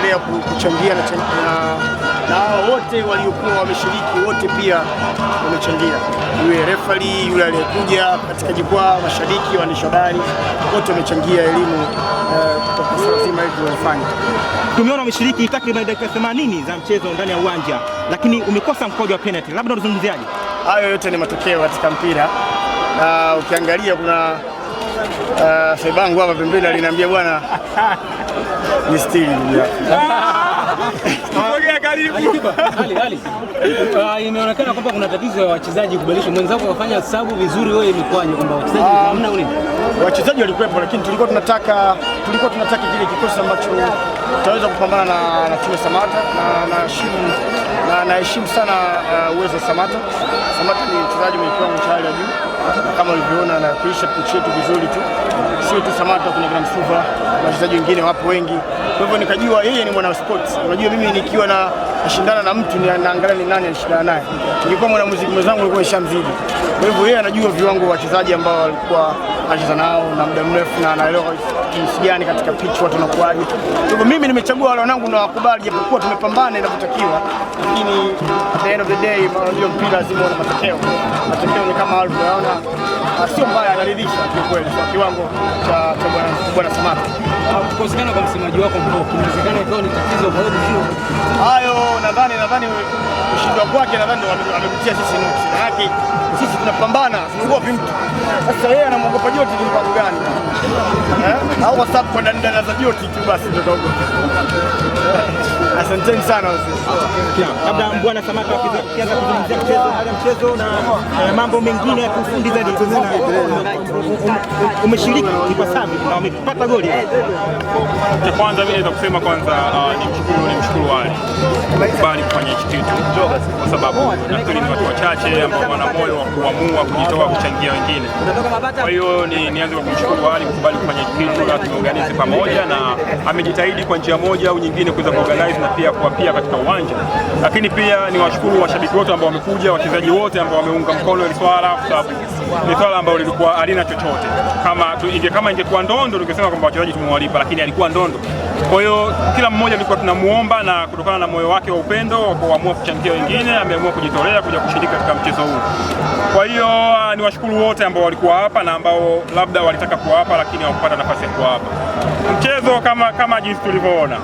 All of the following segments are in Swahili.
wanaendelea kuchangia na, na wote waliokuwa wameshiriki wote pia wamechangia, yule refari, yule aliyekuja katika jukwaa, mashabiki, waandishi habari, wote wamechangia elimu eh, zima hili tunalofanya. Tumeona wameshiriki takriban dakika 80 za mchezo ndani ya uwanja, lakini umekosa mkojo wa penalty, labda unazungumziaje? Hayo yote ni matokeo katika mpira na ukiangalia kuna uh, eh, sebangu hapa pembeni aliniambia bwana ni stili ah, imeonekana kwamba kuna tatizo ya wachezaji kubadilisha. Mwenzako wafanya hesabu vizuri, wewe imekwaje kwamba wachezaji ah. hamna ule? Wachezaji walikuwepo, lakini tulikuwa tunataka tulikuwa tunataka kile kikosi ambacho tutaweza kupambana na na timu Samata na naheshimu na naheshimu sana ah, uwezo wa Samata. Samata ni mchezaji mwenye kiwango cha hali ya juu kama ulivyoona anatuisha nchi yetu vizuri tu, sio tu Samata, kuna Grand Silver na wachezaji wengine wapo wengi. Kwa hivyo nikajua yeye ni mwana sports. Unajua mimi nikiwa na nashindana na mtu naangalia ni nani anashindana naye. Nilikuwa mwana muziki mwenzangu alikuwa Shamzidi, kwa hivyo yeye anajua viwango wa wachezaji ambao walikuwa anacheza nao na muda mrefu na anaelewa jinsi gani katika pitch watu wanakuaje. Kwa hivyo mimi nimechagua wale wanangu na wakubali, japokuwa tumepambana inavyotakiwa, lakini at the end of the day ndio mpira, lazima una matokeo. Matokeo ni kama alivyoyaona, ah, sio mbaya, anaridhisha kiukweli kwa kiwango cha Bwana Samata kukosekana kwa msemaji wako kunawezekana ikawa ni tatizo kwa hiyo hayo, nadhani nadhani kushindwa kwake nadhani amekutia sisi nuksi, maanake sisi tunapambana, tunaogopi mtu. Sasa yeye anamwogopa Joti ni mpango gani? Eh? Au kwa sababu kwa dandana za Joti tu basi ndio tuogopa. Asanteni sana labda Bwana Samata, ukianza kuzungumzia mchezo hali mchezo na eh, mambo mengine ya kiufundi zaidi, umeshiriki ipasavyo na wamepata goli cha kwanza mimi eh, naweza kusema kwanza, uh, ah, ni mshukuru ni tukubali kufanya hichi kitu, kwa sababu nafikiri ni watu wachache ambao wana moyo wa kuamua kujitoa kuchangia wengine. Kwa hiyo nianze kwa kumshukuru Ali kukubali kufanya hichi kitu na tuorganize pamoja, na amejitahidi kwa njia moja au nyingine kuweza kuorganize na pia kuwapia katika uwanja. Lakini pia niwashukuru washabiki wote ambao wamekuja, wachezaji wote ambao wameunga mkono ile swala, kwa sababu ni swala ambalo lilikuwa halina chochote. Kama ingekuwa ndondo, ningesema kwamba wachezaji tumewalipa, lakini alikuwa ndondo. Kwa hiyo kila mmoja alikuwa tunamuomba na kutokana na moyo wake wa upendo wa kuamua kuchangia wengine, ameamua kujitolea kuja kushiriki katika mchezo huu. Kwa hiyo ah, ni washukuru wote ambao walikuwa hapa na ambao labda walitaka kuwa hapa lakini hawakupata nafasi ya kuwa hapa. Mchezo kama, kama jinsi tulivyoona,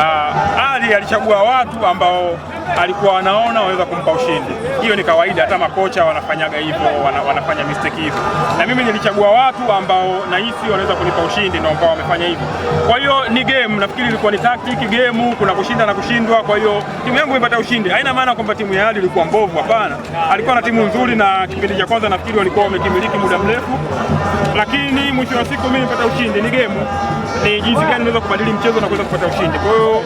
ah, Ali alichagua watu ambao alikuwa anaona waweza kumpa ushindi. Hiyo ni kawaida, hata makocha wanafanyaga hivyo, wana, wanafanya mistake hivyo, na mimi nilichagua watu ambao nahisi wanaweza kunipa ushindi, ndio ambao wamefanya hivyo. Kwa hiyo ni game, nafikiri ilikuwa ni tactic game, kuna kushinda na kushindwa. Kwa hiyo timu yangu imepata ushindi, haina maana kwamba timu ya Ahadi ilikuwa mbovu, hapana, alikuwa na timu nzuri, na kipindi cha kwanza nafikiri walikuwa wamekimiliki muda mrefu, lakini mwisho wa siku mimi nipata ushindi. Ni game, ni jinsi gani naweza kubadili mchezo na kuweza kupata ushindi. Kwa hiyo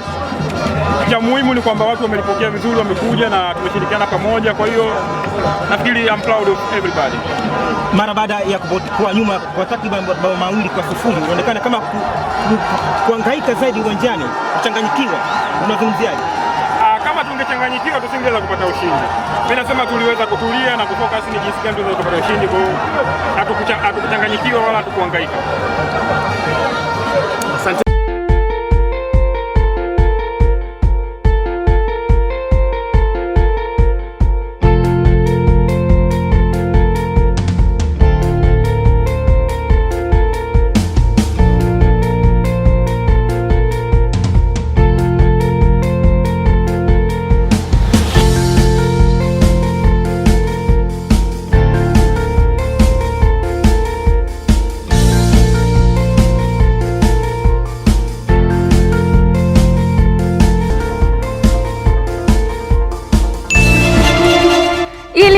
cha muhimu ni kwamba watu wamelipokea vizuri, wamekuja na tumeshirikiana pamoja. Kwa hiyo nafikiri I'm proud of everybody. Mara baada ya kuwa nyuma kwa takriban mabao mawili kwa sifuri, inaonekana kama kuhangaika zaidi uwanjani, kuchanganyikiwa. Unazungumziaje? Ah, kama tungechanganyikiwa tusingeweza kupata ushindi. Mimi nasema tuliweza kutulia na sisi, ni jinsi gani tunaweza kupata ushindi, kwa hiyo hatukuchanganyikiwa wala hatukuhangaika. Asante.